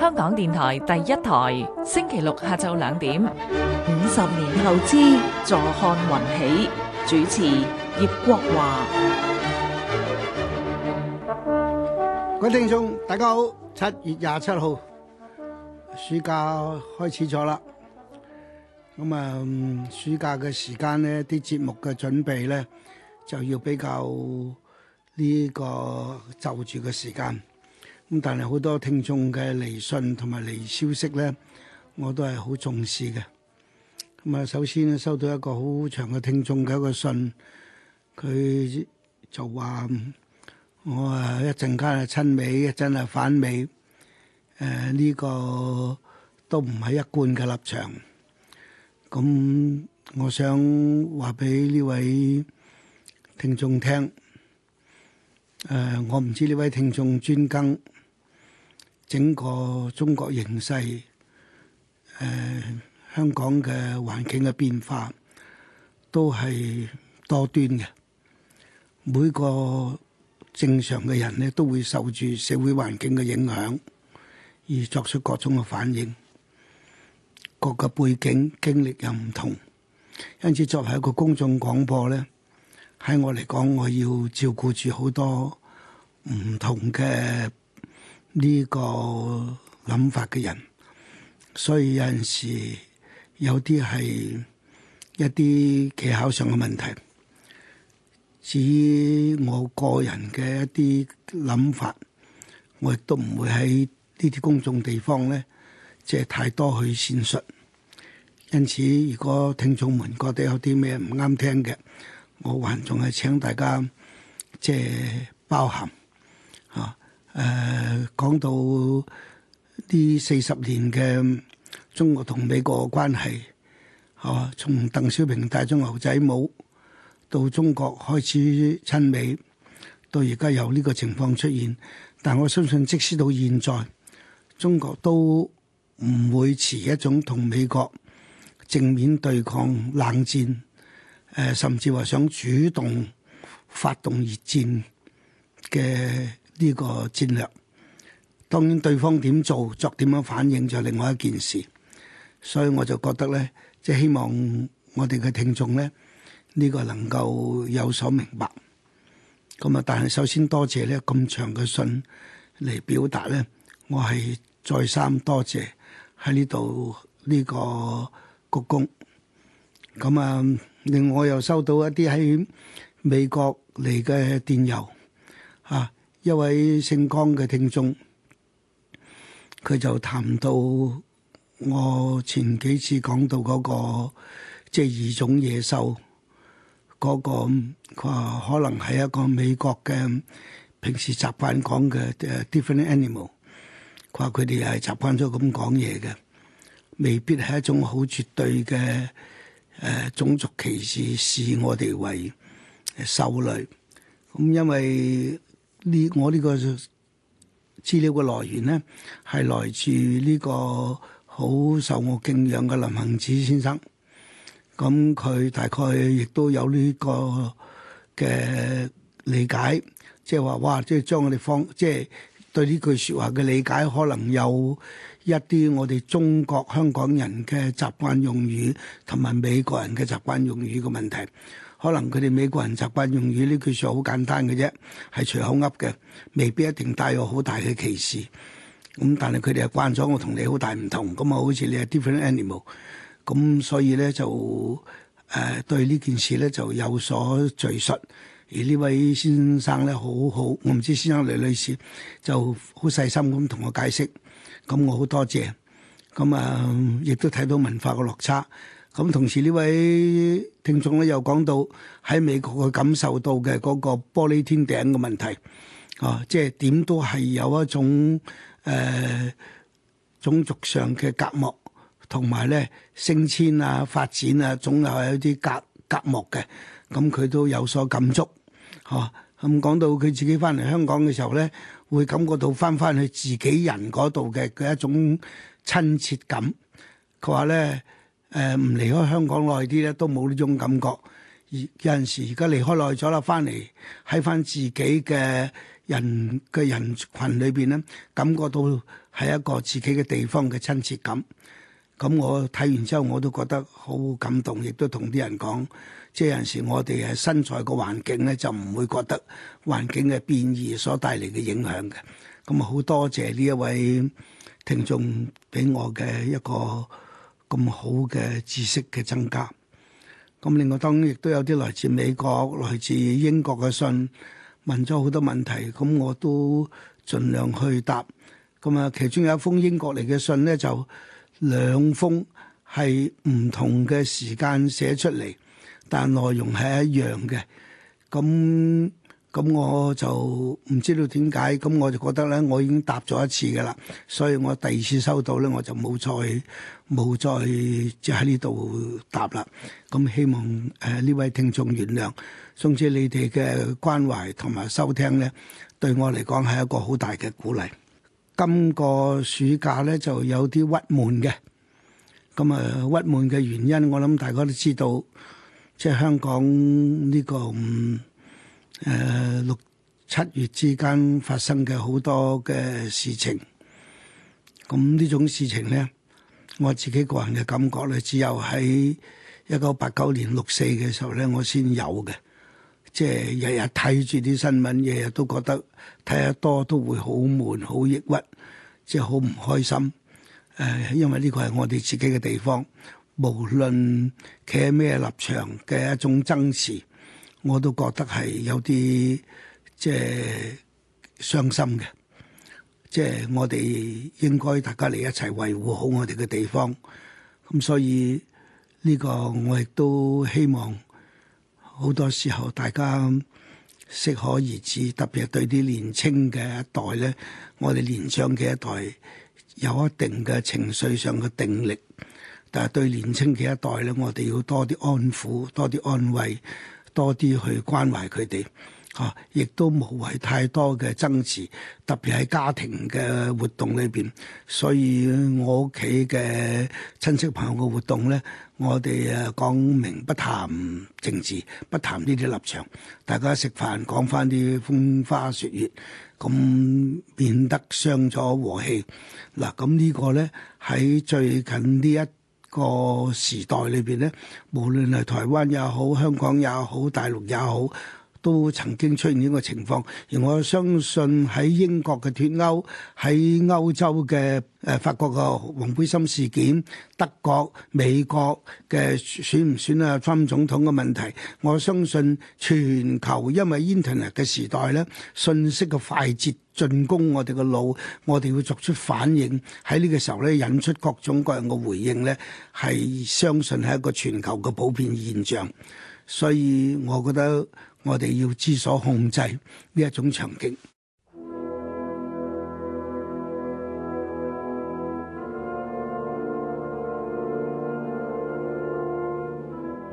香港電台第一台，星期六下晝兩點。五十年後之坐看雲起。主持葉國華。各位聽眾，大家好。七月廿七號，暑假開始咗啦。咁啊，暑假嘅時間呢，啲節目嘅準備呢，就要比較。呢個就住個時間咁，但係好多聽眾嘅嚟信同埋嚟消息咧，我都係好重視嘅。咁啊，首先收到一個好長嘅聽眾嘅一個信，佢就話：我啊一陣間係親美，一陣係反美。誒呃，呢個都唔係一貫嘅立場。咁，嗯，我想話俾呢位聽眾聽。誒、呃，我唔知呢位聽眾專更整個中國形勢，誒、呃、香港嘅環境嘅變化都係多端嘅。每個正常嘅人咧，都會受住社會環境嘅影響而作出各種嘅反應。各個背景經歷又唔同，因此作為一個公眾廣播咧。喺我嚟講，我要照顧住好多唔同嘅呢個諗法嘅人，所以有陣時有啲係一啲技巧上嘅問題。至於我個人嘅一啲諗法，我亦都唔會喺呢啲公眾地方咧，即係太多去闡述。因此，如果聽眾們覺得有啲咩唔啱聽嘅，我還仲係請大家即係包含嚇，誒、啊、講到呢四十年嘅中國同美國嘅關係，嚇、啊，從鄧小平帶咗牛仔帽到中國開始親美，到而家有呢個情況出現，但我相信即使到現在，中國都唔會持一種同美國正面對抗冷戰。誒、呃，甚至話想主動發動熱戰嘅呢個戰略，當然對方點做，作點樣反應就另外一件事。所以我就覺得咧，即係希望我哋嘅聽眾咧，呢個能夠有所明白。咁啊，但係首先多謝咧咁長嘅信嚟表達咧，我係再三多謝喺呢度呢個鞠躬。咁啊～另外又收到一啲喺美國嚟嘅電郵、啊，嚇一位姓江嘅聽眾，佢就談到我前幾次講到嗰、那個即係異種野獸嗰、那個誒，佢話可能係一個美國嘅平時習慣講嘅誒 different animal，佢話佢哋係習慣咗咁講嘢嘅，未必係一種好絕對嘅。誒種族歧視視我哋為受累，咁因為呢，我呢個資料嘅來源咧係來自呢個好受我敬仰嘅林行止先生，咁、嗯、佢大概亦都有呢個嘅理解，即係話哇，即係將我哋放，即係對呢句説話嘅理解可能有。一啲我哋中國香港人嘅習慣用語，同埋美國人嘅習慣用語嘅問題，可能佢哋美國人習慣用語呢句話好簡單嘅啫，係隨口噏嘅，未必一定帶有好大嘅歧視。咁、嗯、但係佢哋係慣咗我同你好大唔同，咁啊好似你係 different animal，咁所以咧就誒、呃、對呢件事咧就有所敘述。而呢位先生咧好，好好，我唔知先生女女士就好細心咁同我解釋。咁我好多謝，咁啊亦都睇到文化嘅落差。咁、嗯、同時呢位聽眾咧又講到喺美國佢感受到嘅嗰個玻璃天頂嘅問題，啊，即係點都係有一種誒、呃、種族上嘅隔膜，同埋咧升遷啊、發展啊，總係有啲隔隔膜嘅。咁、嗯、佢都有所感觸，嚇、啊、咁、嗯、講到佢自己翻嚟香港嘅時候咧。會感覺到翻翻去自己人嗰度嘅嘅一種親切感。佢話咧，誒唔離開香港耐啲咧，都冇呢種感覺。而有陣時而家離開耐咗啦，翻嚟喺翻自己嘅人嘅人群裏邊咧，感覺到係一個自己嘅地方嘅親切感。咁我睇完之後，我都覺得好感動，亦都同啲人講，即係有陣時我哋係身材個環境咧，就唔會覺得環境嘅變異所帶嚟嘅影響嘅。咁好多謝呢一位聽眾俾我嘅一個咁好嘅知識嘅增加。咁另外當然亦都有啲來自美國、來自英國嘅信，問咗好多問題，咁我都盡量去答。咁啊，其中有一封英國嚟嘅信咧，就～兩封係唔同嘅時間寫出嚟，但內容係一樣嘅。咁咁我就唔知道點解，咁我就覺得咧，我已經答咗一次㗎喇，所以我第二次收到咧，我就冇再冇再即喺呢度答啦。咁希望誒呢、呃、位聽眾原諒，總之你哋嘅關懷同埋收聽咧，對我嚟講係一個好大嘅鼓勵。今個暑假咧就有啲鬱悶嘅，咁啊鬱悶嘅原因，我諗大家都知道，即係香港呢個嗯、呃、六七月之間發生嘅好多嘅事情，咁、嗯、呢種事情咧，我自己個人嘅感覺咧，只有喺一九八九年六四嘅時候咧，我先有嘅。即係日日睇住啲新聞，日日都覺得睇得多都會好悶、好抑鬱，即係好唔開心。誒、呃，因為呢個係我哋自己嘅地方，無論企喺咩立場嘅一種爭持，我都覺得係有啲即係傷心嘅。即係我哋應該大家嚟一齊維護好我哋嘅地方。咁所以呢個我亦都希望。好多時候，大家適可而止，特別係對啲年青嘅一代咧，我哋年長嘅一代有一定嘅情緒上嘅定力，但係對年輕嘅一代咧，我哋要多啲安撫、多啲安慰、多啲去關懷佢哋。嚇，亦都無謂太多嘅爭持，特別係家庭嘅活動裏邊。所以我屋企嘅親戚朋友嘅活動咧，我哋誒講明不談政治，不談呢啲立場，大家食飯講翻啲風花雪月，咁變得傷咗和氣。嗱，咁呢個咧喺最近呢一個時代裏邊咧，無論係台灣也好、香港也好、大陸也好。都曾經出現呢個情況，而我相信喺英國嘅脫歐，喺歐洲嘅誒、呃、法國嘅黃背心事件，德國、美國嘅選唔選啊參總統嘅問題，我相信全球因為 Internet 嘅時代咧，信息嘅快捷進攻我哋嘅腦，我哋會作出反應。喺呢個時候咧，引出各種各樣嘅回應咧，係相信係一個全球嘅普遍現象。所以，我覺得。我哋要知所控制呢一種場景。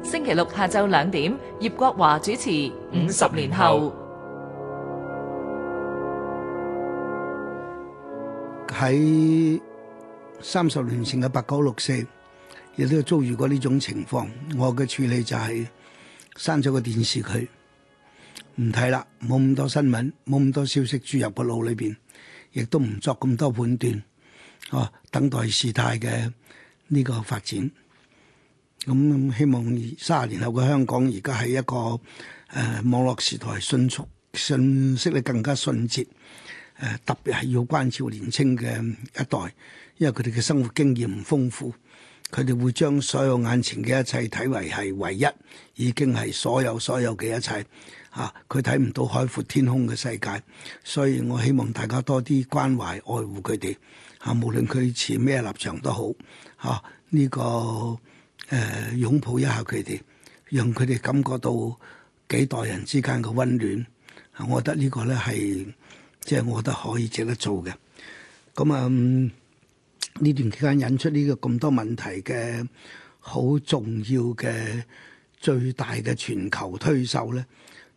星期六下晝兩點，葉國華主持《五十年後》。喺三十年前嘅八九六四，亦都遭遇過呢種情況。我嘅處理就係閂咗個電視佢。唔睇啦，冇咁多新聞，冇咁多消息注入個腦裏邊，亦都唔作咁多判斷，哦，等待事態嘅呢個發展。咁、嗯、希望卅年後嘅香港，而家係一個誒、呃、網絡時代迅，迅速信息咧更加迅捷。誒、呃，特別係要關照年青嘅一代，因為佢哋嘅生活經驗唔豐富，佢哋會將所有眼前嘅一切睇為係唯一，已經係所有所有嘅一切。嚇，佢睇唔到海闊天空嘅世界，所以我希望大家多啲關懷愛護佢哋嚇，無論佢持咩立場都好嚇。呢、啊呢個誒、呃、擁抱一下佢哋，讓佢哋感覺到幾代人之間嘅温暖、啊。我覺得呢個咧係即係我覺得可以值得做嘅。咁啊，呢、嗯、段期間引出呢個咁多問題嘅好重要嘅最大嘅全球推手咧。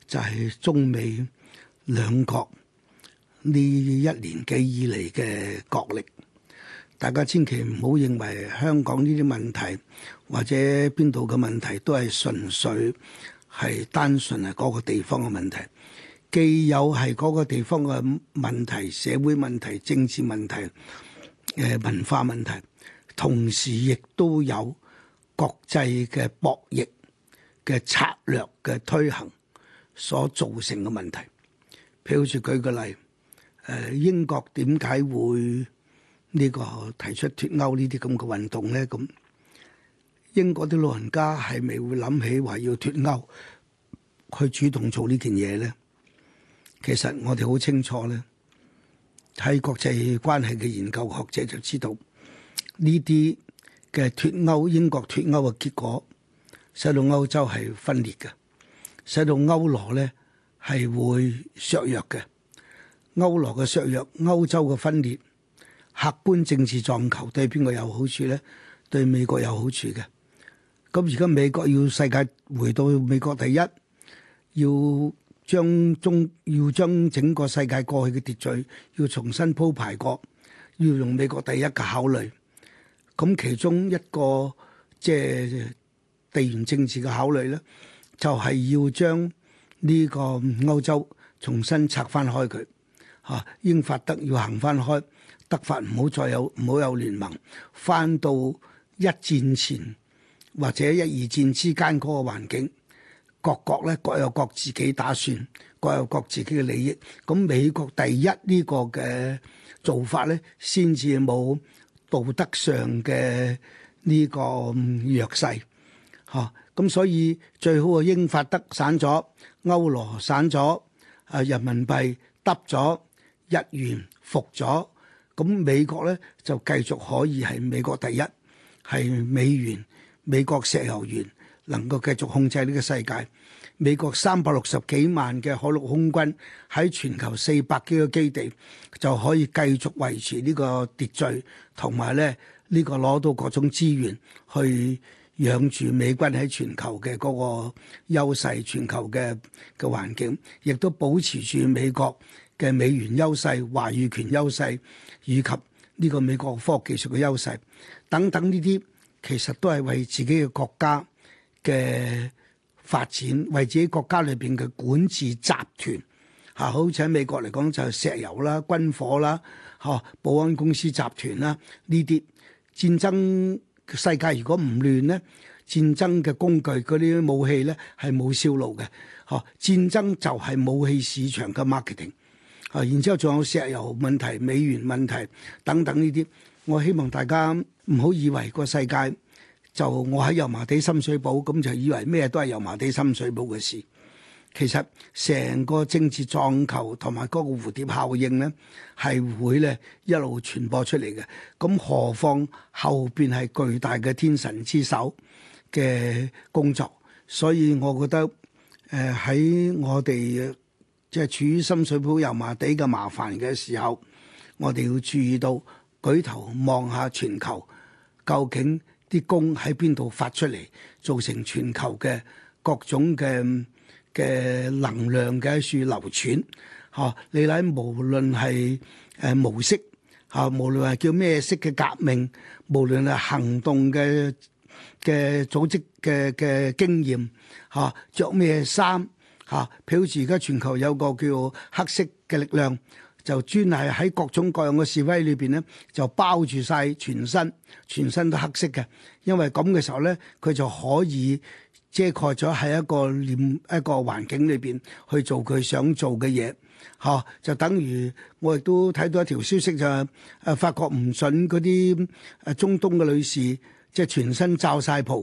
就係中美兩國呢一年幾以嚟嘅角力，大家千祈唔好認為香港呢啲問題或者邊度嘅問題都係純粹係單純係嗰個地方嘅問題，既有係嗰個地方嘅問題、社會問題、政治問題、誒文化問題，同時亦都有國際嘅博弈嘅策略嘅推行。所造成嘅問題，譬如好似舉個例，誒英國點解會呢個提出脱歐呢啲咁嘅運動咧？咁英國啲老人家係咪會諗起話要脱歐，去主動做呢件嘢咧？其實我哋好清楚咧，喺國際關係嘅研究學者就知道呢啲嘅脱歐英國脱歐嘅結果，使到歐洲係分裂嘅。使到歐羅咧係會削弱嘅，歐羅嘅削弱，歐洲嘅分裂，客觀政治撞球對邊個有好處咧？對美國有好處嘅。咁而家美國要世界回到美國第一，要將中要將整個世界過去嘅秩序要重新鋪排過，要用美國第一嘅考慮。咁其中一個即係地緣政治嘅考慮咧。就係要將呢個歐洲重新拆翻開佢，嚇，英法德要行翻開，德法唔好再有唔好有聯盟，翻到一戰前或者一二戰之間嗰個環境，各國咧各有各自己打算，各有各自己嘅利益。咁美國第一呢個嘅做法咧，先至冇道德上嘅呢個弱勢，嚇。咁所以最好啊，英法德散咗，歐羅散咗，啊人民幣，得咗，日元服咗，咁美國咧就繼續可以係美國第一，係美元、美國石油元能夠繼續控制呢個世界。美國三百六十幾萬嘅海陸空軍喺全球四百幾個基地就可以繼續維持呢個秩序，同埋咧呢個攞到各種資源去。養住美軍喺全球嘅嗰個優勢，全球嘅嘅環境，亦都保持住美國嘅美元優勢、話語權優勢，以及呢個美國科學技術嘅優勢等等呢啲，其實都係為自己嘅國家嘅發展，為自己國家裏邊嘅管治集團吓，好似喺美國嚟講就係石油啦、軍火啦、吓保安公司集團啦呢啲戰爭。世界如果唔亂咧，戰爭嘅工具嗰啲武器咧係冇銷路嘅。吓、哦、戰爭就係武器市場嘅 marketing，啊、哦，然之後仲有石油問題、美元問題等等呢啲，我希望大家唔好以為個世界就我喺油麻地深水埗咁就以為咩都係油麻地深水埗嘅事。其實成個政治撞球同埋嗰個蝴蝶效應咧，係會咧一路傳播出嚟嘅。咁何況後邊係巨大嘅天神之手嘅工作，所以我覺得誒喺、呃、我哋即係處於深水埗油麻地嘅麻煩嘅時候，我哋要注意到舉頭望下全球，究竟啲工喺邊度發出嚟，造成全球嘅各種嘅。嘅能量嘅喺處流傳，吓，你睇無論係誒模式吓，無論係叫咩色嘅革命，無論係行動嘅嘅組織嘅嘅經驗吓，著咩衫吓？譬如而家全球有個叫黑色嘅力量，就專係喺各種各樣嘅示威裏邊咧，就包住晒全身，全身都黑色嘅，因為咁嘅時候咧，佢就可以。遮蓋咗喺一個念一個環境裏邊去做佢想做嘅嘢。吓，就等於我亦都睇到一條消息就，誒、係、法國唔準嗰啲誒中東嘅女士，即係全身罩晒袍，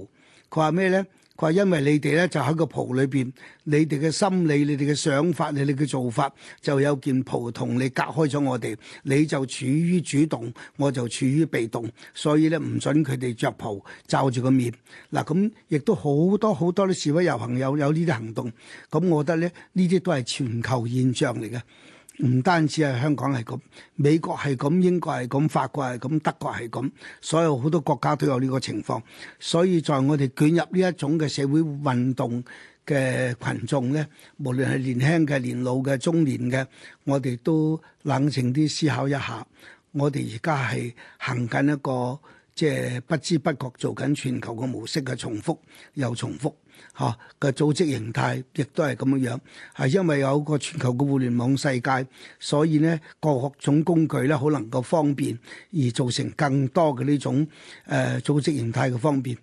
佢話咩咧？因為你哋咧就喺個蒲裏邊，你哋嘅心理、你哋嘅想法、你哋嘅做法，就有件蒲同你隔開咗我哋，你就處於主動，我就處於被動，所以咧唔准佢哋着蒲罩住個面。嗱咁亦都好多好多啲示威遊行有有呢啲行動，咁我覺得咧呢啲都係全球現象嚟嘅。唔單止係香港係咁，美國係咁，英國係咁，法國係咁，德國係咁，所有好多國家都有呢個情況。所以在我哋捲入呢一種嘅社會運動嘅群眾咧，無論係年輕嘅、年老嘅、中年嘅，我哋都冷靜啲思考一下，我哋而家係行緊一個即係、就是、不知不覺做緊全球嘅模式嘅重複又重複。嚇，個組織形態亦都係咁樣樣，係因為有個全球嘅互聯網世界，所以咧各種工具咧好能夠方便，而造成更多嘅呢種誒組織形態嘅方便，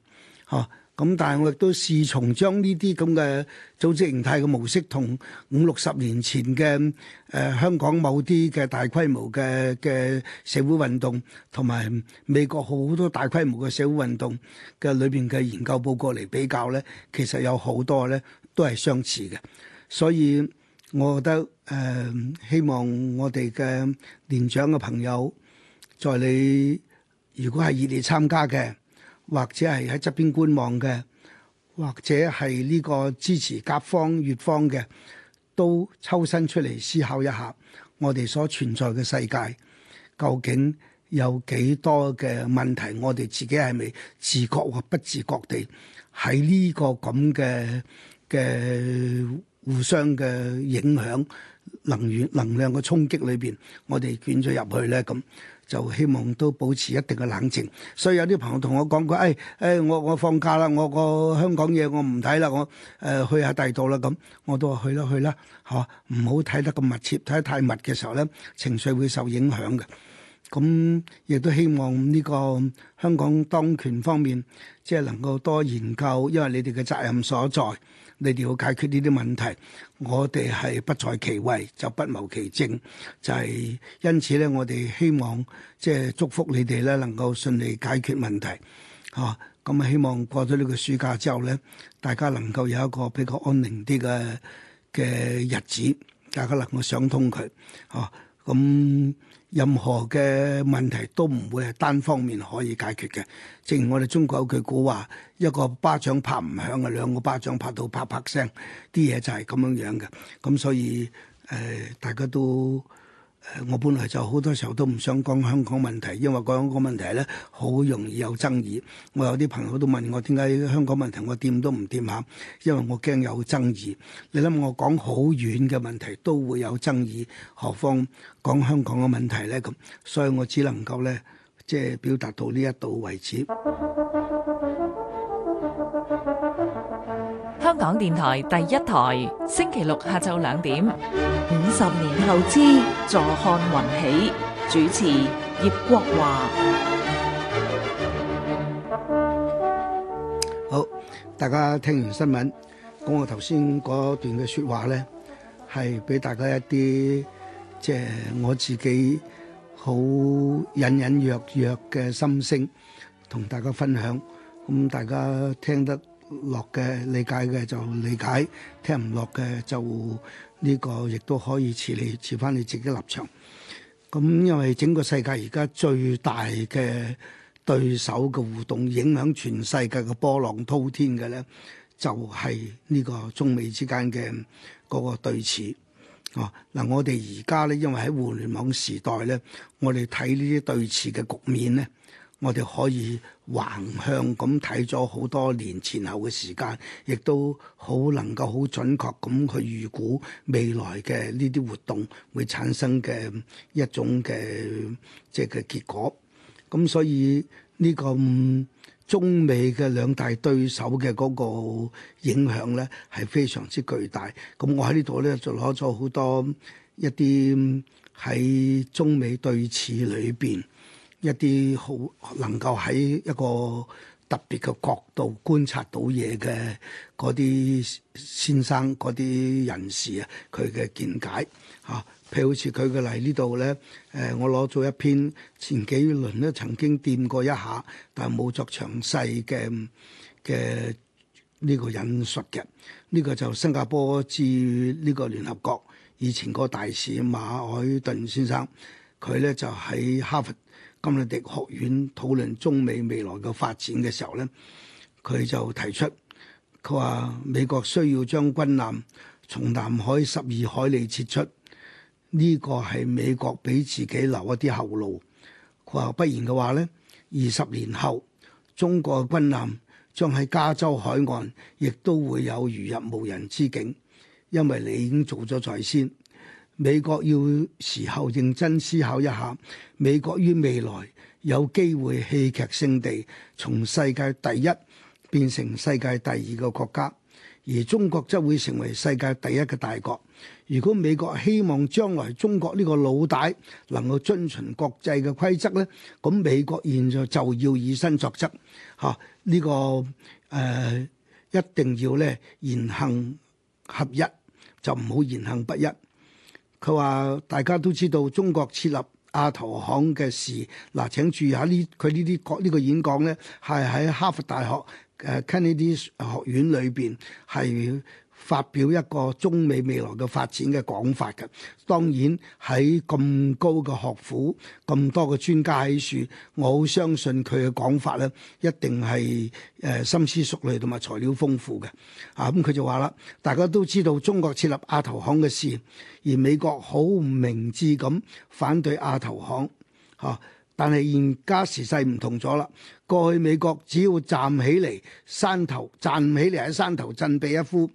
嚇。咁但係我亦都試從將呢啲咁嘅組織形態嘅模式，同五六十年前嘅誒、呃、香港某啲嘅大規模嘅嘅社會運動同埋美國好多大規模嘅社會運動嘅裏邊嘅研究報告嚟比較咧，其實有好多咧都係相似嘅。所以我覺得誒、呃、希望我哋嘅年長嘅朋友，在你如果係熱烈參加嘅。或者係喺側邊觀望嘅，或者係呢個支持甲方、乙方嘅，都抽身出嚟思考一下，我哋所存在嘅世界，究竟有幾多嘅問題，我哋自己係咪自覺或不自覺地喺呢個咁嘅嘅互相嘅影響、能源、能量嘅衝擊裏邊，我哋捲咗入去咧咁？就希望都保持一定嘅冷靜。所以有啲朋友同我講過，誒、哎、誒、哎，我我放假啦，我個香港嘢我唔睇啦，我誒、呃、去下第度啦咁，我都話去啦去啦，嚇，唔好睇得咁密切，睇得太密嘅時候咧，情緒會受影響嘅。咁亦都希望呢個香港當權方面，即係能夠多研究，因為你哋嘅責任所在。你哋要解決呢啲問題，我哋係不在其位就不謀其政，就係因此咧，我哋希望即係祝福你哋咧，能夠順利解決問題。嚇，咁希望過咗呢個暑假之後咧，大家能夠有一個比較安寧啲嘅嘅日子，大家能夠想通佢。嚇。咁任何嘅問題都唔會係單方面可以解決嘅，正如我哋中國有句古話：一個巴掌拍唔響啊，兩個巴掌拍到啪啪聲，啲嘢就係咁樣樣嘅。咁所以誒、呃，大家都。我本來就好多時候都唔想講香港問題，因為講香港問題呢，好容易有爭議。我有啲朋友都問我點解香港問題我掂都唔掂下，因為我驚有爭議。你諗我講好遠嘅問題都會有爭議，何況講香港嘅問題呢？咁，所以我只能夠呢，即係表達到呢一度為止。港電台第一台，星期六下晝兩點，五十年後之，坐看雲起，主持葉國華。好，大家聽完新聞，咁我頭先嗰段嘅說話咧，係俾大家一啲，即係我自己好隱隱約約嘅心聲，同大家分享。咁大家聽得。落嘅理解嘅就理解，聽唔落嘅就呢個亦都可以持你持翻你自己立場。咁因為整個世界而家最大嘅對手嘅互動，影響全世界嘅波浪滔天嘅咧，就係呢個中美之間嘅嗰個對峙。哦，嗱，我哋而家咧，因為喺互聯網時代咧，我哋睇呢啲對峙嘅局面咧。我哋可以橫向咁睇咗好多年前後嘅時間，亦都好能夠好準確咁去預估未來嘅呢啲活動會產生嘅一種嘅即係嘅結果。咁所以呢個中美嘅兩大對手嘅嗰個影響咧，係非常之巨大。咁我喺呢度咧就攞咗好多一啲喺中美對峙裏邊。一啲好能夠喺一個特別嘅角度觀察到嘢嘅嗰啲先生、嗰啲人士啊，佢嘅見解嚇，譬、啊、如好似佢嘅嚟呢度咧。誒、呃，我攞咗一篇前幾輪咧曾經掂過一下，但係冇作詳細嘅嘅呢個引述嘅。呢、呢個就新加坡至呢個聯合國以前個大使馬海頓先生，佢咧就喺哈佛。今日迪學院討論中美未來嘅發展嘅時候咧，佢就提出佢話美國需要將軍艦從南海十二海里撤出，呢個係美國俾自己留一啲後路。佢話不然嘅話咧，二十年後中國嘅軍艦將喺加州海岸亦都會有如入無人之境，因為你已經做咗在先。美國要時候認真思考一下，美國於未來有機會戲劇性地從世界第一變成世界第二個國家，而中國則會成為世界第一嘅大國。如果美國希望將來中國呢個老大能夠遵循國際嘅規則呢，咁美國現在就要以身作則嚇呢、呢個誒、呃，一定要咧言行合一，就唔好言行不一。佢話：大家都知道中國設立亞投行嘅事，嗱、啊、請注意下呢佢呢啲講呢個演講咧，係喺哈佛大學誒、呃、Kennedy 學院裏邊係。發表一個中美未來嘅發展嘅講法嘅，當然喺咁高嘅學府、咁多嘅專家喺處，我好相信佢嘅講法咧，一定係誒深思熟慮同埋材料豐富嘅。啊，咁、嗯、佢就話啦，大家都知道中國設立亞投行嘅事，而美國好唔明智咁反對亞投行。嚇、啊，但係現家時勢唔同咗啦。過去美國只要站起嚟山頭，站起嚟喺山頭振臂一呼。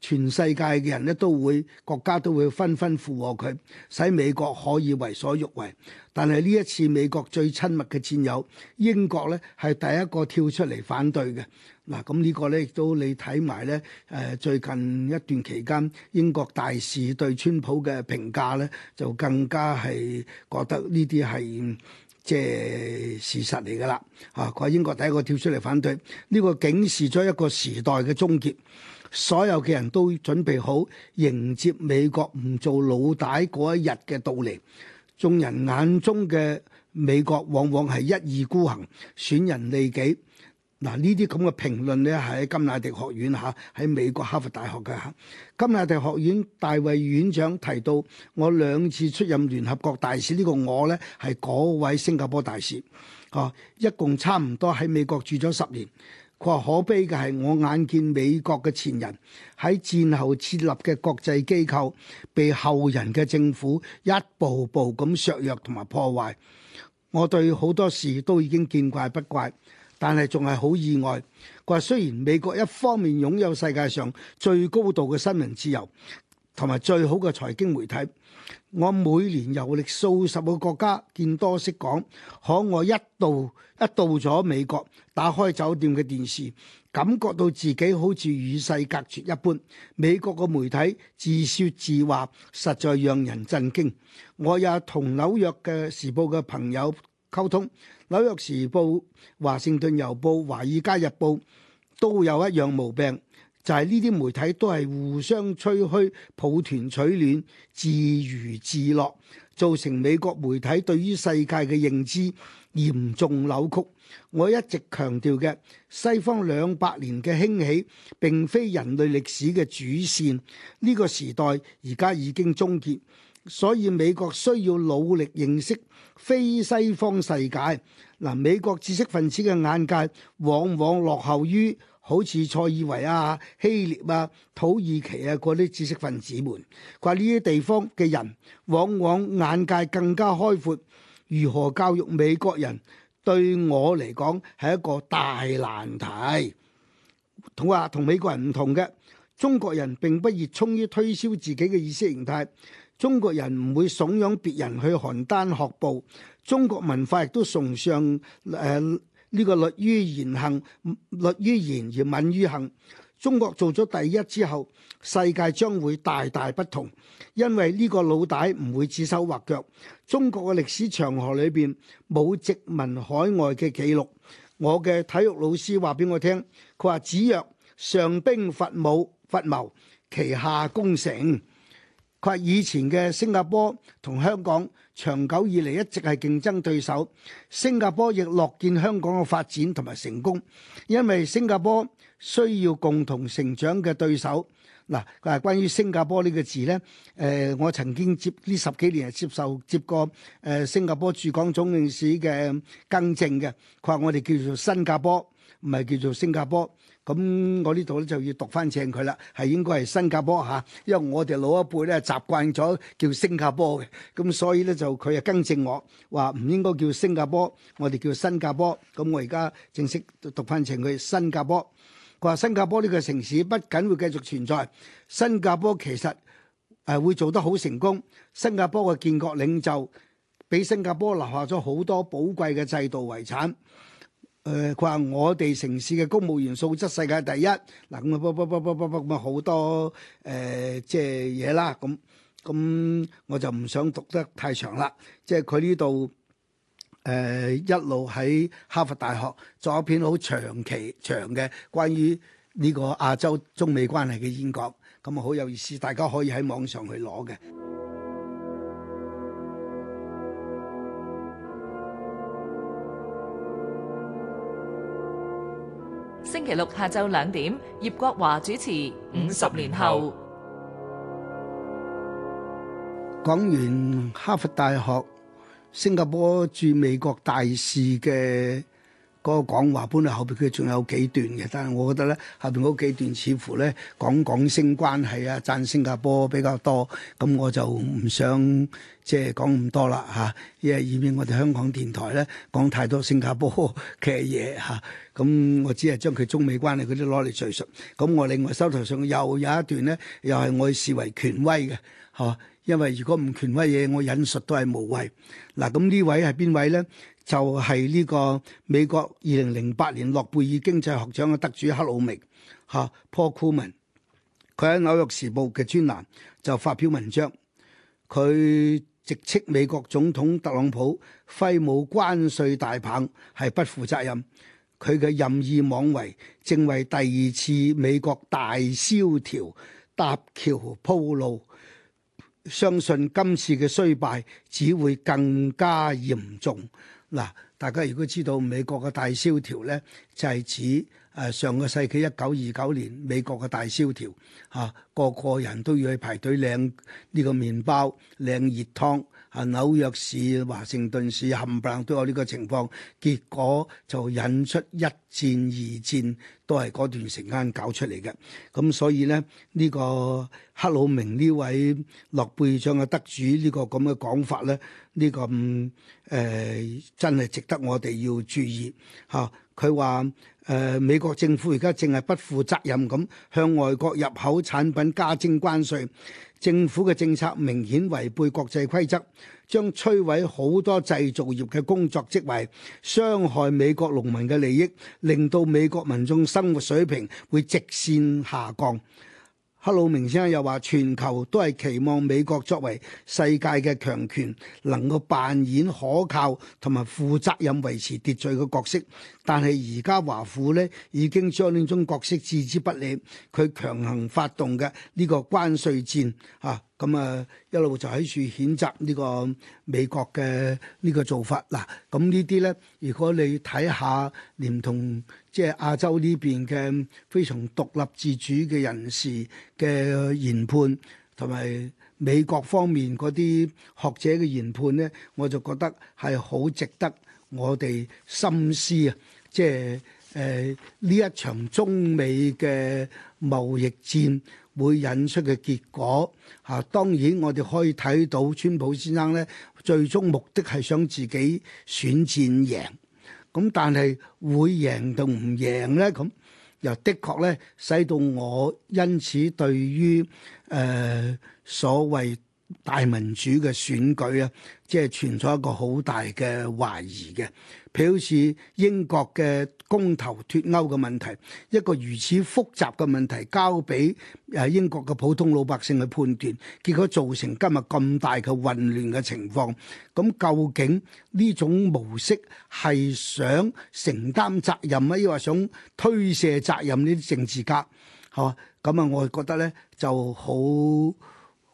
全世界嘅人咧都會國家都會紛紛附和佢，使美國可以為所欲為。但係呢一次美國最親密嘅戰友英國咧係第一個跳出嚟反對嘅。嗱，咁呢個咧亦都，你睇埋咧，誒最近一段期間英國大使對川普嘅評價咧就更加係覺得呢啲係即係事實嚟㗎啦。啊，佢話英國第一個跳出嚟反對呢，呢個警示咗一個時代嘅終結。所有嘅人都準備好迎接美國唔做老大嗰一日嘅到嚟。眾人眼中嘅美國往往係一意孤行、損人利己。嗱呢啲咁嘅評論咧，喺金雅迪學院嚇，喺美國哈佛大學嘅嚇。金雅迪學院大衛院長提到，我兩次出任聯合國大使呢、呢個我咧，係嗰位新加坡大使。哦、啊，一共差唔多喺美國住咗十年。佢可悲嘅係，我眼見美國嘅前人喺戰後設立嘅國際機構，被後人嘅政府一步步咁削弱同埋破壞。我對好多事都已經見怪不怪，但係仲係好意外。佢話雖然美國一方面擁有世界上最高度嘅新聞自由。同埋最好嘅財經媒體，我每年遊歷數十個國家，見多識廣。可我一到一到咗美國，打開酒店嘅電視，感覺到自己好似與世隔絕一般。美國嘅媒體自説自話，實在讓人震驚。我也同紐約嘅時報嘅朋友溝通，紐約時報、華盛頓郵報、華爾街日報都有一樣毛病。就係呢啲媒體都係互相吹噓、抱團取暖、自娛自樂，造成美國媒體對於世界嘅認知嚴重扭曲。我一直強調嘅，西方兩百年嘅興起並非人類歷史嘅主線，呢個時代而家已經終結，所以美國需要努力認識非西方世界。嗱，美國知識分子嘅眼界往往落後於好似塞爾維亞、啊、希臘啊、土耳其啊嗰啲知識分子們，話呢啲地方嘅人往往眼界更加開闊，如何教育美國人對我嚟講係一個大難題。同啊，同美國人唔同嘅，中國人並不熱衷於推銷自己嘅意識形態，中國人唔會慫恿別人去邯鄲學步，中國文化亦都崇尚誒。呃呢個律於言行，律於言而敏於行。中國做咗第一之後，世界將會大大不同，因為呢個老大唔會指手畫腳。中國嘅歷史長河裏邊冇殖民海外嘅記錄。我嘅體育老師話俾我聽，佢話子曰：上兵伐武，伐謀，其下攻城。佢話以前嘅新加坡同香港。長久以嚟一直係競爭對手，新加坡亦樂見香港嘅發展同埋成功，因為新加坡需要共同成長嘅對手。嗱、啊，關於新加坡個呢個字咧，誒、呃，我曾經接呢十幾年係接受接過誒、呃、新加坡駐港總領事嘅更正嘅，佢話我哋叫做新加坡。唔係叫做新加坡，咁我呢度咧就要讀翻正佢啦，係應該係新加坡嚇，因為我哋老一輩咧習慣咗叫新加坡嘅，咁所以咧就佢啊更正我話，唔應該叫新加坡，我哋叫新加坡，咁我而家正式讀翻正佢新加坡。佢話新加坡呢個城市不僅會繼續存在，新加坡其實誒會做得好成功，新加坡嘅建國領袖俾新加坡留下咗好多寶貴嘅制度遺產。誒，佢話、呃、我哋城市嘅公務員素質世界第一嗱，咁啊，好多誒，即係嘢啦。咁咁我就唔想讀得太長啦。即係佢呢度誒，一路喺哈佛大學作一篇好長期長嘅關於呢個亞洲中美關係嘅演講，咁啊好有意思，大家可以喺網上去攞嘅。星期六下晝兩點，葉國華主持《五十年後》年後。講完哈佛大學、新加坡駐美國大使嘅。嗰個講話本來後邊，佢仲有幾段嘅，但係我覺得咧，後邊嗰幾段似乎咧講港星關係啊、讚新加坡比較多，咁我就唔想即係講咁多啦嚇，因、啊、為以免我哋香港電台咧講太多新加坡嘅嘢嚇，咁、啊、我只係將佢中美關係嗰啲攞嚟敘述。咁我另外手頭上又有一段咧，又係我視為權威嘅嚇、啊，因為如果唔權威嘢，我引述都係無謂。嗱、啊，咁呢位係邊位咧？就係呢個美國二零零八年諾貝爾經濟學獎嘅得主克魯明嚇、Paul Krugman 佢喺紐約時報嘅專欄就發表文章，佢直斥美國總統特朗普揮舞關稅大棒係不負責任，佢嘅任意妄為正為第二次美國大蕭條搭橋鋪路。相信今次嘅衰敗只會更加嚴重。嗱，大家如果知道美國嘅大蕭條咧，就係指誒上個世紀一九二九年美國嘅大蕭條嚇，個個人都要去排隊領呢個麵包、領熱湯。啊，紐約市、華盛頓市冚唪唥都有呢個情況，結果就引出一戰、二戰，都係嗰段時間搞出嚟嘅。咁所以咧，呢、這個克魯明呢位諾貝爾獎嘅得主這個這呢、這個咁嘅講法咧，呢個咁真係值得我哋要注意吓。啊佢話：誒、呃，美國政府而家淨係不負責任咁向外國入口產品加徵關稅，政府嘅政策明顯違背國際規則，將摧毀好多製造業嘅工作職位，傷害美國農民嘅利益，令到美國民眾生活水平會直線下降。克魯明先生又話：全球都係期望美國作為世界嘅強權，能夠扮演可靠同埋負責任維持秩序嘅角色。但係而家華府呢，已經將呢種角色置之不理，佢強行發動嘅呢個關稅戰啊！咁啊，一路就喺處譴責呢個美國嘅呢個做法嗱。咁呢啲咧，如果你睇下連同即係亞洲呢邊嘅非常獨立自主嘅人士嘅研判，同埋美國方面嗰啲學者嘅研判咧，我就覺得係好值得我哋深思啊！即係誒呢一場中美嘅貿易戰。會引出嘅結果嚇、啊，當然我哋可以睇到川普先生咧，最終目的係想自己選戰贏。咁但係會贏定唔贏咧？咁又的確咧，使到我因此對於誒、呃、所謂大民主嘅選舉啊，即係存在一個好大嘅懷疑嘅。譬如好似英國嘅公投脫歐嘅問題，一個如此複雜嘅問題，交俾誒英國嘅普通老百姓去判斷，結果造成今日咁大嘅混亂嘅情況。咁究竟呢種模式係想承擔責任啊，抑或想推卸責任？呢啲政治家吓咁啊，我覺得咧就好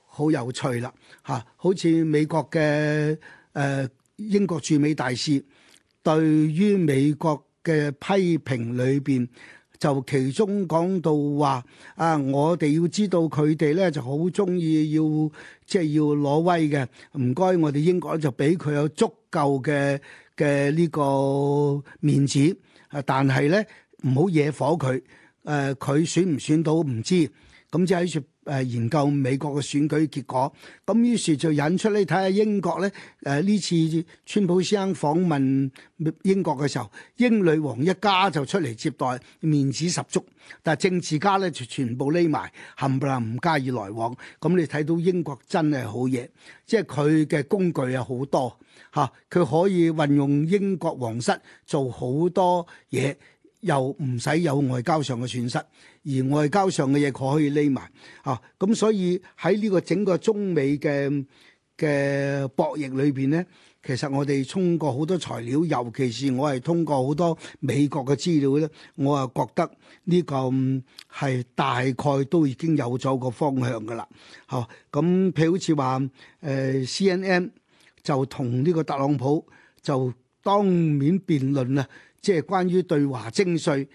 好有趣啦吓。好似美國嘅誒、呃、英國駐美大使。對於美國嘅批評裏邊，就其中講到話啊，我哋要知道佢哋咧就好鍾意要即係、就是、要攞威嘅，唔該我哋英國就俾佢有足夠嘅嘅呢個面子啊，但係咧唔好惹火佢，誒、啊、佢選唔選到唔知，咁即係說。誒研究美國嘅選舉結果，咁於是就引出咧睇下英國咧。誒、呃、呢次川普先生訪問英國嘅時候，英女王一家就出嚟接待，面子十足。但係政治家咧就全部匿埋，冚唪唥唔加以來往。咁你睇到英國真係好嘢，即係佢嘅工具有好多嚇，佢、啊、可以運用英國皇室做好多嘢。又唔使有外交上嘅損失，而外交上嘅嘢佢可以匿埋啊！咁所以喺呢個整個中美嘅嘅博弈裏邊咧，其實我哋通過好多材料，尤其是我係通過好多美國嘅資料咧，我啊覺得呢個係大概都已經有咗個方向噶啦。吓。咁譬如好似話誒 CNN 就同呢個特朗普就當面辯論啊！即係關於對華徵稅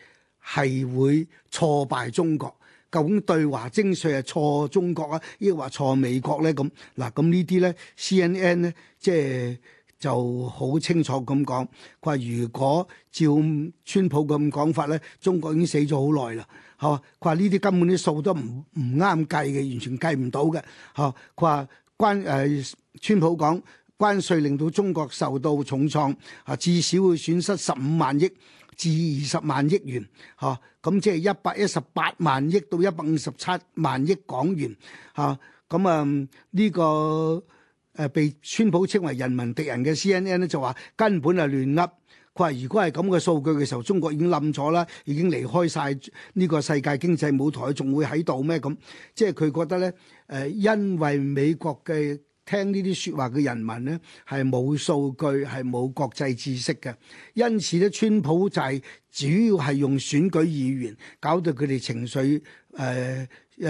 係會挫敗中國，究竟對華徵稅係錯中國啊，抑或錯美國咧？咁嗱，咁呢啲咧，CNN 咧，即係就好清楚咁講，佢話如果照川普咁講法咧，中國已經死咗好耐啦，嚇！佢話呢啲根本啲數都唔唔啱計嘅，完全計唔到嘅，嚇！佢話關誒、呃、川普講。關稅令到中國受到重創，啊，至少會損失十五萬億至二十萬億元，嚇、啊，咁即係一百一十八萬億到一百五十七萬億港元，嚇，咁啊，呢、啊呢個誒、啊、被川普稱為人民敵人嘅 CNN 咧就話根本係亂噏。佢話如果係咁嘅數據嘅時候，中國已經冧咗啦，已經離開晒呢個世界經濟舞台，仲會喺度咩？咁即係佢覺得呢，誒、呃，因為美國嘅。聽呢啲説話嘅人民呢，係冇數據，係冇國際知識嘅，因此咧，川普就係主要係用選舉議員搞到佢哋情緒誒誒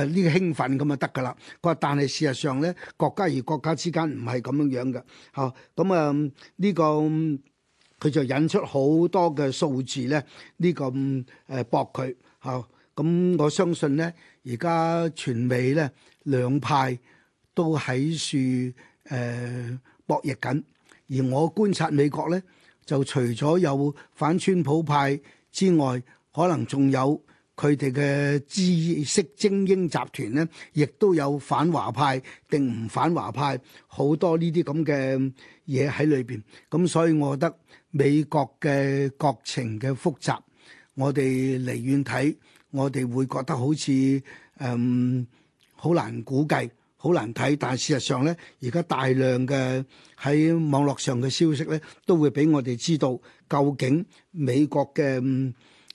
呢個興奮咁就得㗎啦。佢話，但係事實上呢，國家與國家之間唔係咁樣樣嘅。嚇，咁啊呢個佢、嗯、就引出好多嘅數字呢，呢、呢個誒駁佢嚇。咁、嗯嗯、我相信呢，而家全美呢兩派，都喺度誒博弈緊，而我觀察美國咧，就除咗有反川普派之外，可能仲有佢哋嘅知識精英集團咧，亦都有反華派定唔反華派，好多呢啲咁嘅嘢喺裏邊。咁所以，我覺得美國嘅國情嘅複雜，我哋離遠睇，我哋會覺得好似誒好難估計。好難睇，但係事實上咧，而家大量嘅喺網絡上嘅消息咧，都會俾我哋知道究竟美國嘅誒、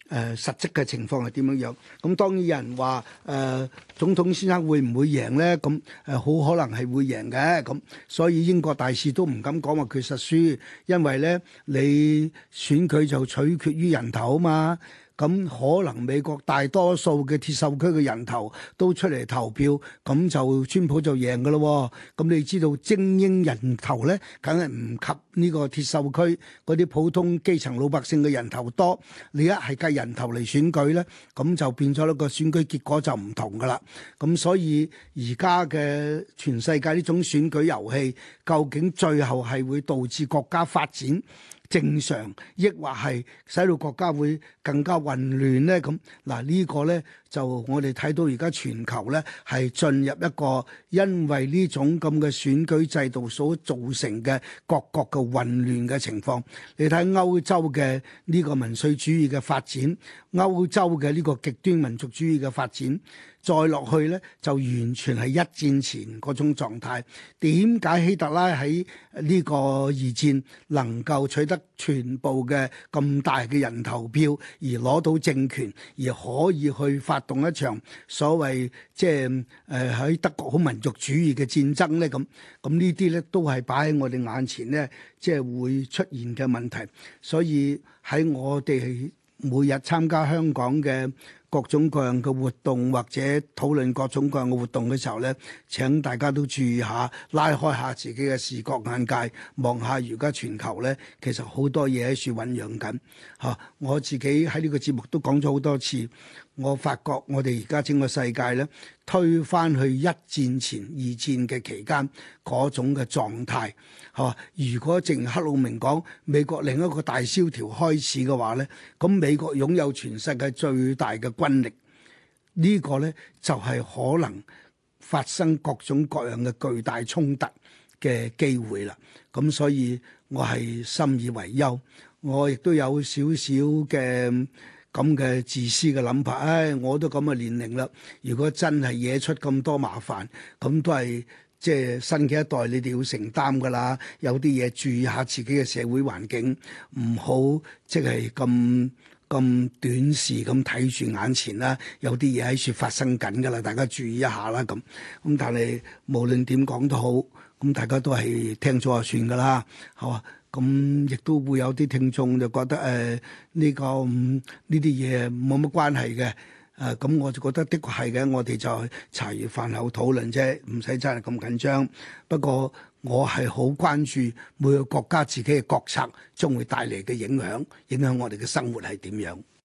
呃、實質嘅情況係點樣樣。咁、嗯、當然有人話誒、呃、總統先生會唔會贏咧？咁誒好可能係會贏嘅。咁所以英國大使都唔敢講話佢實輸，因為咧你選佢就取決於人頭啊嘛。咁可能美國大多數嘅鐵鏽區嘅人頭都出嚟投票，咁就川普就贏噶咯喎。咁你知道精英人頭呢，梗係唔及呢個鐵鏽區嗰啲普通基層老百姓嘅人頭多。你一係計人頭嚟選舉呢，咁就變咗一個選舉結果就唔同噶啦。咁所以而家嘅全世界呢種選舉遊戲，究竟最後係會導致國家發展正常，抑或係使到國家會更加混亂呢？咁嗱，呢個呢，就我哋睇到而家全球呢，係進入一個因為呢種咁嘅選舉制度所造成嘅各國嘅混亂嘅情況。你睇歐洲嘅呢個民粹主義嘅發展，歐洲嘅呢個極端民族主義嘅發展。再落去咧，就完全係一戰前嗰種狀態。點解希特拉喺呢個二戰能夠取得全部嘅咁大嘅人投票，而攞到政權，而可以去發動一場所謂即係誒喺德國好民族主義嘅戰爭咧？咁咁呢啲咧都係擺喺我哋眼前咧，即係會出現嘅問題。所以喺我哋每日參加香港嘅。各種各樣嘅活動，或者討論各種各樣嘅活動嘅時候呢，請大家都注意下，拉開下自己嘅視覺眼界，望下而家全球呢，其實好多嘢喺處醖釀緊。嚇，我自己喺呢個節目都講咗好多次。我發覺我哋而家整個世界咧，推返去一戰前、二戰嘅期間嗰種嘅狀態，嚇！如果淨克魯明講美國另一個大蕭條開始嘅話咧，咁美國擁有全世界最大嘅軍力，這個、呢個咧就係、是、可能發生各種各樣嘅巨大衝突嘅機會啦。咁所以我係深以為憂，我亦都有少少嘅。咁嘅自私嘅諗法，唉，我都咁嘅年齡啦。如果真係惹出咁多麻煩，咁都係即係新嘅一代，你哋要承擔噶啦。有啲嘢注意下自己嘅社會環境，唔好即係咁咁短視咁睇住眼前啦。有啲嘢喺處發生緊噶啦，大家注意一下啦。咁咁，但係無論點講都好，咁大家都係聽咗就算噶啦，好啊。咁亦、嗯、都會有啲聽眾就覺得誒呢、呃這個呢啲嘢冇乜關係嘅，誒、呃、咁、嗯、我就覺得的確係嘅，我哋就茶餘飯後討論啫，唔使真係咁緊張。不過我係好關注每個國家自己嘅國策，將會帶嚟嘅影響，影響我哋嘅生活係點樣。